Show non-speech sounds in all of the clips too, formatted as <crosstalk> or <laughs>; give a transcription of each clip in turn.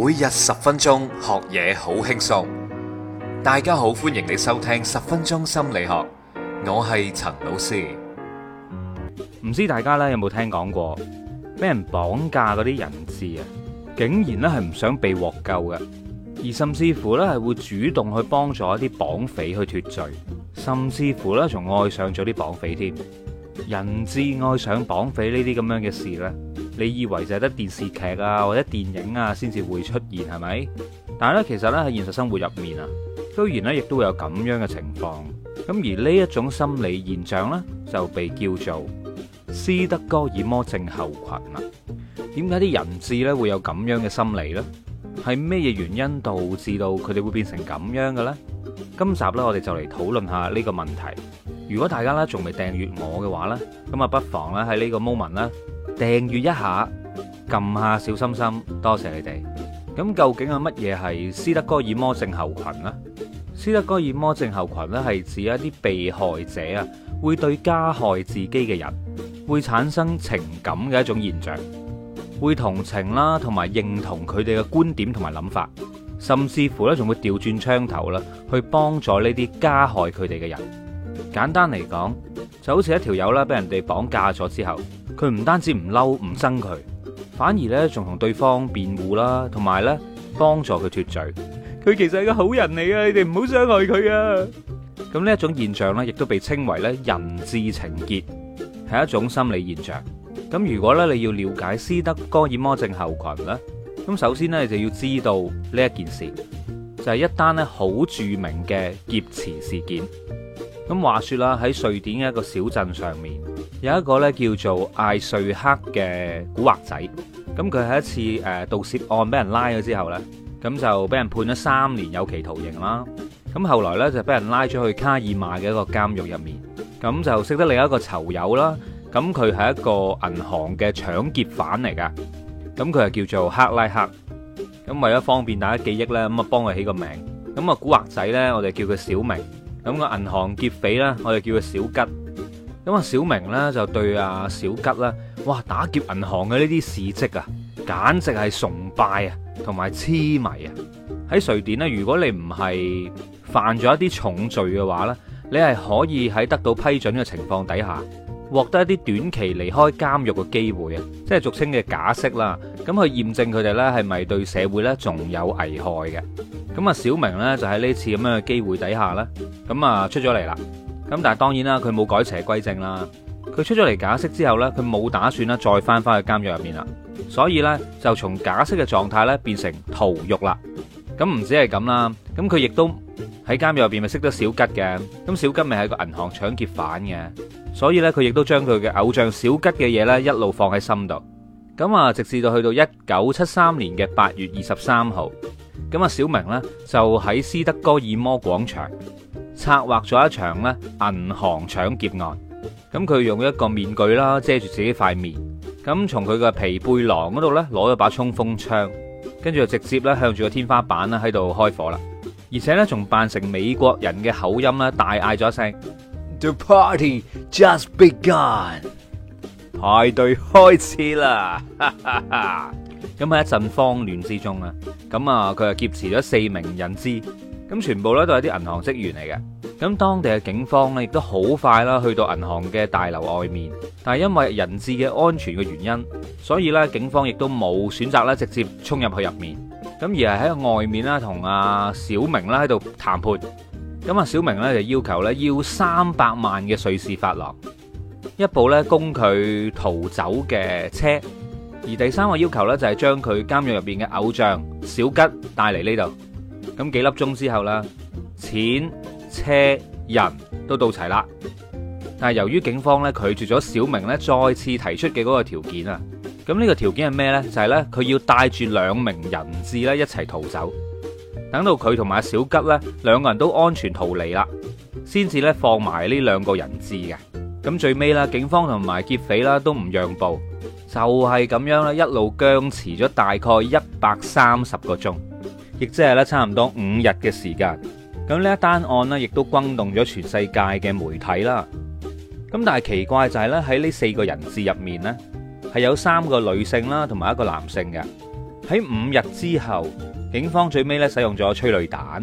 每日十分鐘學嘢好輕鬆，大家好，歡迎你收聽十分鐘心理學。我係陳老師，唔知大家咧有冇聽講過，俾人綁架嗰啲人質啊，竟然咧係唔想被獲救嘅，而甚至乎咧係會主動去幫助一啲綁匪去脫罪，甚至乎咧仲愛上咗啲綁匪添，人質愛上綁匪呢啲咁樣嘅事呢。你以為就係得電視劇啊或者電影啊先至會出現係咪？但係咧其實咧喺現實生活入面啊，雖然咧亦都會有咁樣嘅情況，咁而呢一種心理現象呢，就被叫做斯德哥爾摩症候群啦。點解啲人質咧會有咁樣嘅心理呢？係咩嘢原因導致到佢哋會變成咁樣嘅呢？今集咧我哋就嚟討論下呢個問題。如果大家咧仲未訂閱我嘅話呢，咁啊不妨咧喺呢個 moment 啦。訂閱一下，撳下小心心，多謝你哋。咁究竟係，乜嘢係斯德哥爾摩症候群呢？斯德哥爾摩症候群呢係指一啲被害者啊，會對加害自己嘅人會產生情感嘅一種現象，會同情啦，同埋認同佢哋嘅觀點同埋諗法，甚至乎呢仲會調轉槍頭啦，去幫助呢啲加害佢哋嘅人。簡單嚟講，就好似一條友啦，俾人哋綁架咗之後。佢唔單止唔嬲唔憎佢，反而呢仲同對方辯護啦，同埋呢幫助佢脫罪。佢其實係個好人嚟嘅，你哋唔好傷害佢啊！咁呢一種現象呢，亦都被稱為呢「人質情結」，係一種心理現象。咁如果呢，你要了解斯德哥爾摩症候群呢，咁首先呢，你就要知道呢一件事，就係一單呢好著名嘅劫持事件。咁話說啦，喺瑞典嘅一個小鎮上面。有一個咧叫做艾瑞克嘅古惑仔，咁佢係一次誒盜竊案俾人拉咗之後咧，咁就俾人判咗三年有期徒刑啦。咁後來咧就俾人拉咗去卡爾瑪嘅一個監獄入面，咁就識得另一個囚友啦。咁佢係一個銀行嘅搶劫犯嚟噶，咁佢係叫做克拉克。咁為咗方便大家記憶咧，咁啊幫佢起個名。咁啊古惑仔咧，我哋叫佢小明；咁個銀行劫匪咧，我哋叫佢小吉。咁啊，小明咧就對阿小吉啦，哇打劫銀行嘅呢啲事蹟啊，簡直係崇拜啊，同埋痴迷啊！喺瑞典呢，如果你唔係犯咗一啲重罪嘅話呢，你係可以喺得到批准嘅情況底下，獲得一啲短期離開監獄嘅機會啊，即係俗稱嘅假釋啦。咁去驗證佢哋呢係咪對社會呢仲有危害嘅。咁啊，小明呢，就喺呢次咁樣嘅機會底下咧，咁啊出咗嚟啦。咁但係當然啦，佢冇改邪歸正啦。佢出咗嚟假釋之後呢，佢冇打算咧再翻翻去監獄入面啦。所以呢就從假釋嘅狀態呢變成逃獄啦。咁唔止係咁啦，咁佢亦都喺監獄入邊咪識得小吉嘅。咁小吉咪係個銀行搶劫犯嘅。所以呢佢亦都將佢嘅偶像小吉嘅嘢呢一路放喺心度。咁啊直至到去到一九七三年嘅八月二十三號，咁啊小明呢就喺斯德哥爾摩廣場。策劃咗一場咧銀行搶劫案，咁佢用一個面具啦遮住自己塊面，咁從佢個皮背囊嗰度咧攞咗把衝鋒槍，跟住就直接咧向住個天花板啦喺度開火啦，而且咧仲扮成美國人嘅口音啦，大嗌咗一聲 The party just begun，派對開始啦，咁 <laughs> 喺一陣慌亂之中啊，咁啊佢就劫持咗四名人質。咁全部咧都係啲銀行職員嚟嘅，咁當地嘅警方咧亦都好快啦，去到銀行嘅大樓外面，但係因為人質嘅安全嘅原因，所以咧警方亦都冇選擇咧直接衝入去入面，咁而係喺外面啦同阿小明啦喺度談判。咁阿小明咧就要求咧要三百萬嘅瑞士法郎，一部咧供佢逃走嘅車，而第三個要求咧就係將佢監獄入邊嘅偶像小吉帶嚟呢度。咁幾粒鐘之後啦，錢、車、人都到齊啦。但係由於警方咧拒絕咗小明咧再次提出嘅嗰個條件啊，咁呢個條件係咩呢？就係咧佢要帶住兩名人質咧一齊逃走。等到佢同埋小吉咧兩個人都安全逃離啦，先至咧放埋呢兩個人質嘅。咁最尾啦，警方同埋劫匪啦都唔讓步，就係咁樣啦，一路僵持咗大概一百三十個鐘。亦即係咧，差唔多五日嘅時間。咁呢一單案呢亦都轟動咗全世界嘅媒體啦。咁但係奇怪就係咧，喺呢四個人質入面呢，係有三個女性啦，同埋一個男性嘅。喺五日之後，警方最尾咧使用咗催淚彈。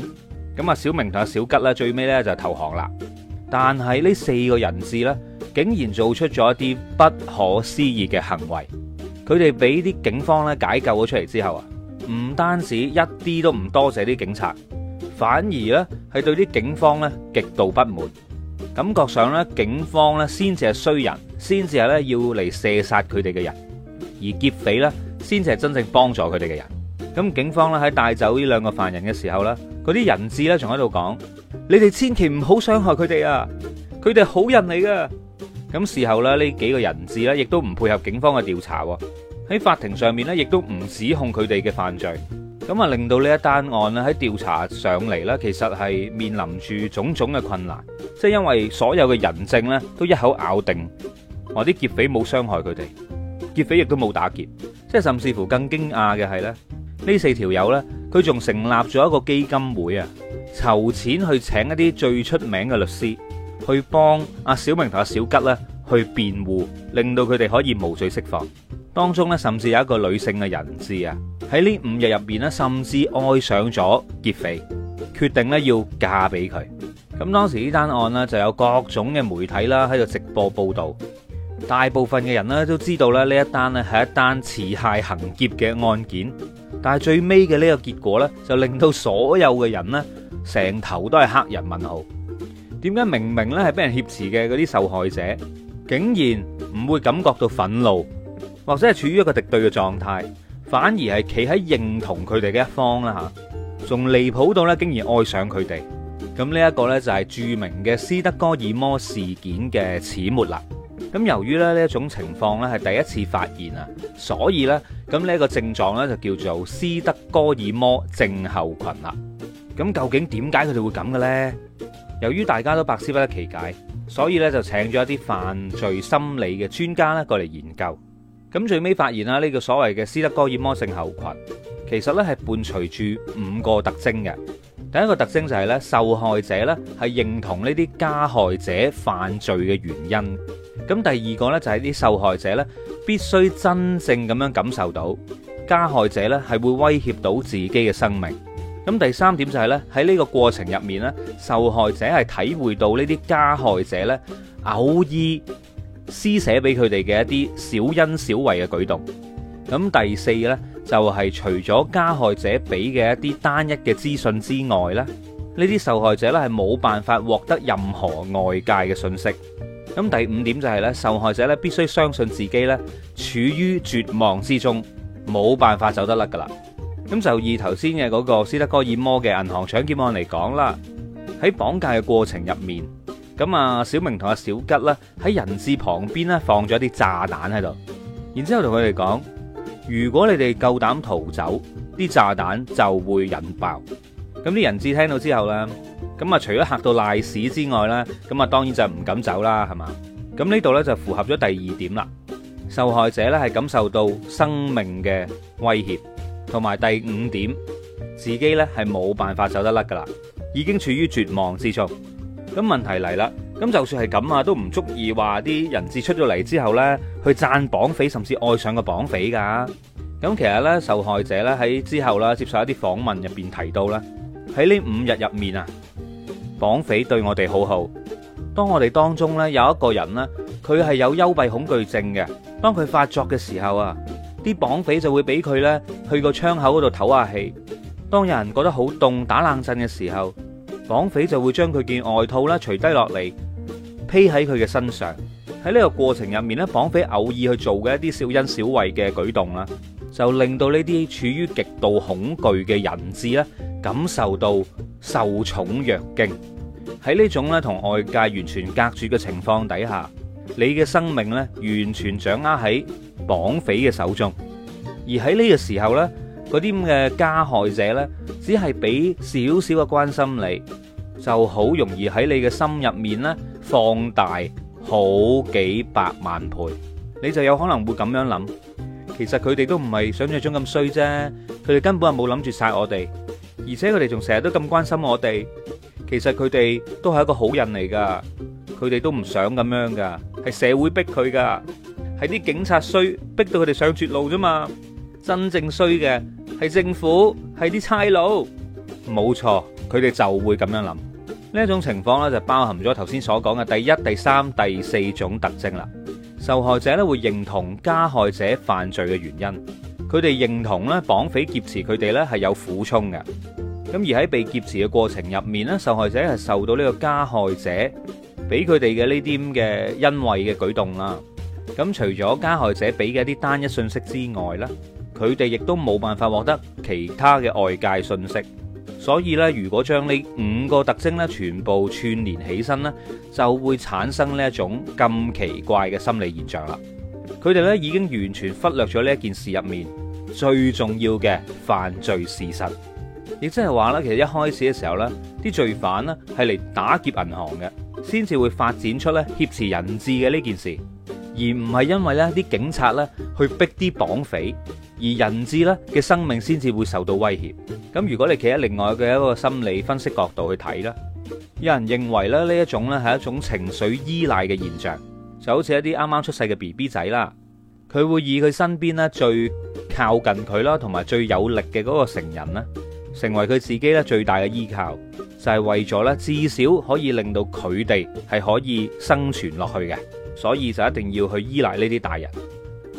咁啊，小明同阿小吉咧最尾咧就投降啦。但係呢四個人質呢，竟然做出咗一啲不可思議嘅行為。佢哋俾啲警方咧解救咗出嚟之後啊，唔單止一啲都唔多謝啲警察，反而呢係對啲警方呢極度不滿，感覺上呢，警方呢先至係衰人，先至係呢要嚟射殺佢哋嘅人，而劫匪呢，先至係真正幫助佢哋嘅人。咁警方咧喺帶走呢兩個犯人嘅時候呢，嗰啲人質呢仲喺度講：「你哋千祈唔好傷害佢哋啊！佢哋好人嚟噶。咁事後呢，呢幾個人質呢亦都唔配合警方嘅調查。喺法庭上面咧，亦都唔指控佢哋嘅犯罪，咁啊令到呢一單案咧喺調查上嚟咧，其實係面臨住種種嘅困難，即係因為所有嘅人證咧都一口咬定話啲劫匪冇傷害佢哋，劫匪亦都冇打劫，即係甚至乎更驚訝嘅係咧，呢四條友呢，佢仲成立咗一個基金會啊，籌錢去請一啲最出名嘅律師去幫阿小明同阿小吉咧。去辯護，令到佢哋可以無罪釋放。當中甚至有一個女性嘅人質啊，喺呢五日入邊甚至愛上咗劫匪，決定要嫁俾佢。咁當時呢單案就有各種嘅媒體啦喺度直播報道，大部分嘅人都知道咧呢一單咧係一單持械行劫嘅案件。但係最尾嘅呢個結果就令到所有嘅人成頭都係黑人問號。點解明明咧係俾人挾持嘅嗰啲受害者？竟然唔會感覺到憤怒，或者係處於一個敵對嘅狀態，反而係企喺認同佢哋嘅一方啦吓，仲離譜到呢，竟然愛上佢哋。咁呢一個呢，就係著名嘅斯德哥爾摩事件嘅始末啦。咁由於咧呢一種情況呢係第一次發現啊，所以呢，咁呢一個症狀呢，就叫做斯德哥爾摩症候群啦。咁究竟點解佢哋會咁嘅咧？由於大家都百思不得其解。所以咧就請咗一啲犯罪心理嘅專家咧過嚟研究，咁最尾發現啦，呢個所謂嘅斯德哥爾摩症候群，其實呢係伴隨住五個特徵嘅。第一個特徵就係呢，受害者呢係認同呢啲加害者犯罪嘅原因，咁第二個呢，就係啲受害者呢必須真正咁樣感受到加害者呢係會威脅到自己嘅生命。咁第三點就係、是、咧，喺呢個過程入面咧，受害者係體會到呢啲加害者咧偶爾施捨俾佢哋嘅一啲小恩小惠嘅舉動。咁第四咧就係、是、除咗加害者俾嘅一啲單一嘅資訊之外咧，呢啲受害者咧係冇辦法獲得任何外界嘅信息。咁第五點就係、是、咧，受害者咧必須相信自己咧處於絕望之中，冇辦法走得甩噶啦。咁就以頭先嘅嗰個斯德哥爾摩嘅銀行搶劫案嚟講啦，喺綁架嘅過程入面，咁啊小明同阿小吉咧喺人質旁邊咧放咗一啲炸彈喺度，然之後同佢哋講：如果你哋夠膽逃走，啲炸彈就會引爆。咁啲人質聽到之後咧，咁啊除咗嚇到賴屎之外咧，咁啊當然就唔敢走啦，係嘛？咁呢度咧就符合咗第二點啦，受害者咧係感受到生命嘅威脅。同埋第五點，自己呢係冇辦法走得甩噶啦，已經處於絕望之中。咁問題嚟啦，咁就算係咁啊，都唔足以話啲人質出咗嚟之後呢，去讚綁匪，甚至愛上個綁匪噶。咁其實呢，受害者呢喺之後呢接受一啲訪問入邊提到呢，喺呢五日入面啊，綁匪對我哋好好。當我哋當中呢，有一個人呢，佢係有幽閉恐懼症嘅，當佢發作嘅時候啊。啲綁匪就會俾佢咧去個窗口嗰度唞下氣。當有人覺得好凍打冷震嘅時候，綁匪就會將佢件外套啦除低落嚟披喺佢嘅身上。喺呢個過程入面咧，綁匪偶爾去做嘅一啲小恩小惠嘅舉動啦，就令到呢啲處於極度恐懼嘅人質咧感受到受寵若驚。喺呢種咧同外界完全隔絕嘅情況底下。你嘅生命咧，完全掌握喺綁匪嘅手中。而喺呢個時候咧，嗰啲咁嘅加害者咧，只係俾少少嘅關心你，就好容易喺你嘅心入面咧放大好幾百萬倍。你就有可能會咁樣諗。其實佢哋都唔係想像中咁衰啫，佢哋根本係冇諗住殺我哋。而且佢哋仲成日都咁關心我哋。其實佢哋都係一個好人嚟噶，佢哋都唔想咁樣噶。係社會逼佢噶，係啲警察衰逼到佢哋上絕路啫嘛。真正衰嘅係政府，係啲差佬。冇錯，佢哋就會咁樣諗。呢一種情況咧就包含咗頭先所講嘅第一、第三、第四種特徵啦。受害者咧會認同加害者犯罪嘅原因，佢哋認同咧綁匪劫持佢哋咧係有苦衷嘅。咁而喺被劫持嘅過程入面咧，受害者係受到呢個加害者俾佢哋嘅呢啲嘅恩惠嘅舉動啦。咁除咗加害者俾嘅一啲單一信息之外啦，佢哋亦都冇辦法獲得其他嘅外界信息。所以呢，如果將呢五個特徵呢全部串連起身呢，就會產生呢一種咁奇怪嘅心理現象啦。佢哋呢已經完全忽略咗呢一件事入面最重要嘅犯罪事實，亦即係話呢，其實一開始嘅時候呢，啲罪犯呢係嚟打劫銀行嘅。先至會發展出咧挾持人質嘅呢件事，而唔係因為呢啲警察呢去逼啲綁匪，而人質呢嘅生命先至會受到威脅。咁如果你企喺另外嘅一個心理分析角度去睇啦，有人認為咧呢一種呢係一種情緒依賴嘅現象，就好似一啲啱啱出世嘅 BB 仔啦，佢會以佢身邊咧最靠近佢啦，同埋最有力嘅嗰個成人咧，成為佢自己咧最大嘅依靠。就係、是、為咗咧，至少可以令到佢哋係可以生存落去嘅，所以就一定要去依賴呢啲大人。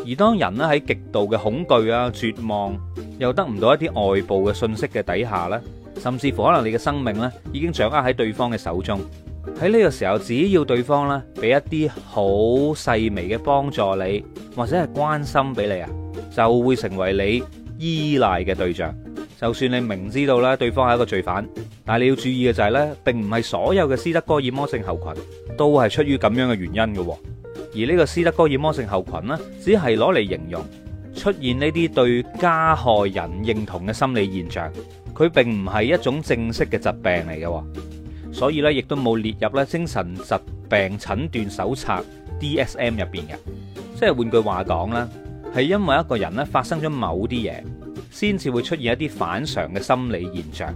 而當人咧喺極度嘅恐懼啊、絕望又得唔到一啲外部嘅信息嘅底下咧，甚至乎可能你嘅生命咧已經掌握喺對方嘅手中。喺呢個時候，只要對方咧俾一啲好細微嘅幫助你，或者係關心俾你啊，就會成為你依賴嘅對象。就算你明知道咧，對方係一個罪犯，但係你要注意嘅就係咧，並唔係所有嘅斯德哥爾摩症候群都係出於咁樣嘅原因嘅。而呢個斯德哥爾摩症候群呢，只係攞嚟形容出現呢啲對加害人認同嘅心理現象。佢並唔係一種正式嘅疾病嚟嘅，所以咧亦都冇列入咧精神疾病診斷手冊 DSM 入邊嘅。即係換句話講啦，係因為一個人咧發生咗某啲嘢，先至會出現一啲反常嘅心理現象，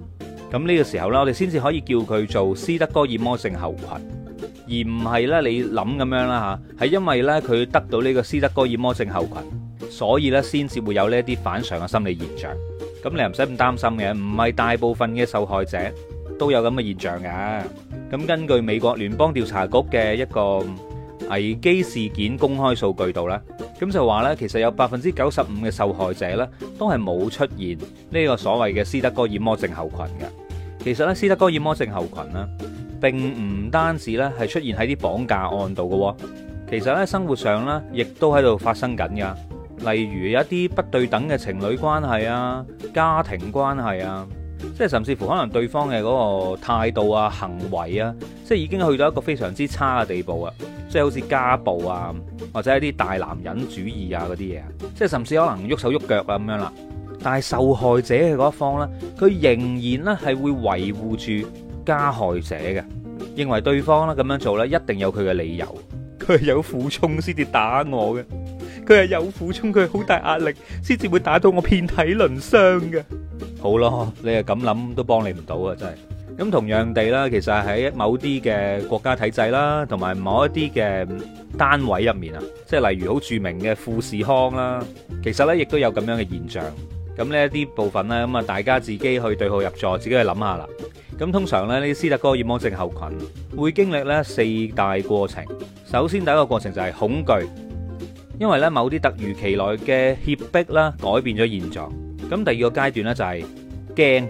咁呢個時候咧，我哋先至可以叫佢做斯德哥爾摩症候群，而唔係咧你諗咁樣啦吓，係因為咧佢得到呢個斯德哥爾摩症候群，所以咧先至會有呢一啲反常嘅心理現象。咁你唔使咁擔心嘅，唔係大部分嘅受害者都有咁嘅現象㗎。咁根據美國聯邦調查局嘅一個危機事件公開數據度咧。咁就話呢，其實有百分之九十五嘅受害者呢，都係冇出現呢個所謂嘅斯德哥爾摩症候群嘅。其實呢，斯德哥爾摩症候群呢，並唔單止呢係出現喺啲綁架案度嘅，其實呢，生活上呢，亦都喺度發生緊噶。例如有一啲不對等嘅情侶關係啊，家庭關係啊。即係甚至乎可能對方嘅嗰個態度啊、行為啊，即係已經去到一個非常之差嘅地步啊！即係好似家暴啊，或者一啲大男人主義啊嗰啲嘢啊，即係甚至可能喐手喐腳啊咁樣啦。但係受害者嘅嗰一方呢，佢仍然呢係會維護住加害者嘅，認為對方呢咁樣做呢，一定有佢嘅理由，佢係有苦衷先至打我嘅，佢係有苦衷，佢係好大壓力先至會打到我遍體鱗傷嘅。好咯，你就咁諗都幫你唔到啊，真係。咁同樣地啦，其實喺某啲嘅國家體制啦，同埋某一啲嘅單位入面啊，即係例如好著名嘅富士康啦，其實呢亦都有咁樣嘅現象。咁呢一啲部分呢，咁啊大家自己去對號入座，自己去諗下啦。咁通常呢啲斯德哥爾摩症候群會經歷呢四大過程。首先第一個過程就係恐懼，因為呢某啲突如其來嘅脅迫啦，改變咗現狀。咁第二個階段咧就係驚，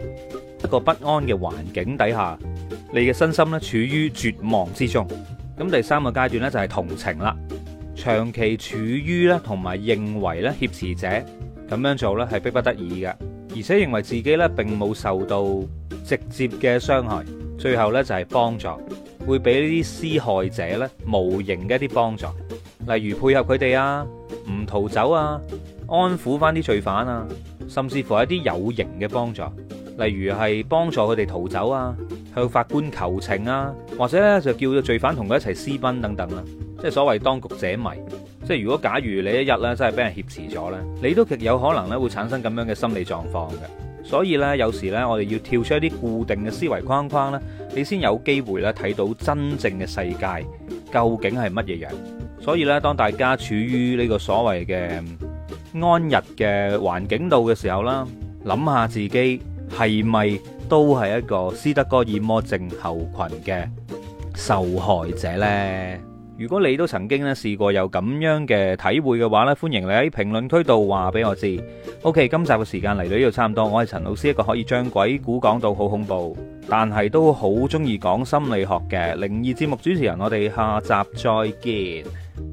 一個不安嘅環境底下，你嘅身心咧處於絕望之中。咁第三個階段咧就係同情啦，長期處於咧同埋認為咧挾持者咁樣做咧係逼不得已嘅，而且認為自己咧並冇受到直接嘅傷害。最後咧就係幫助，會俾呢啲施害者咧無形嘅一啲幫助，例如配合佢哋啊，唔逃走啊，安撫翻啲罪犯啊。甚至乎一啲有形嘅幫助，例如係幫助佢哋逃走啊，向法官求情啊，或者咧就叫罪犯同佢一齊私奔等等啦，即係所謂當局者迷。即係如果假如你一日咧真係俾人挾持咗咧，你都極有可能咧會產生咁樣嘅心理狀況嘅。所以咧有時咧我哋要跳出一啲固定嘅思維框框咧，你先有機會咧睇到真正嘅世界究竟係乜嘢樣。所以咧當大家處於呢個所謂嘅……安逸嘅環境度嘅時候啦，諗下自己係咪都係一個斯德哥爾摩症候群嘅受害者呢？如果你都曾經咧試過有咁樣嘅體會嘅話咧，歡迎你喺評論區度話俾我知。OK，今集嘅時間嚟到呢度差唔多，我係陳老師，一個可以將鬼故講到好恐怖，但係都好中意講心理學嘅靈異節目主持人，我哋下集再見。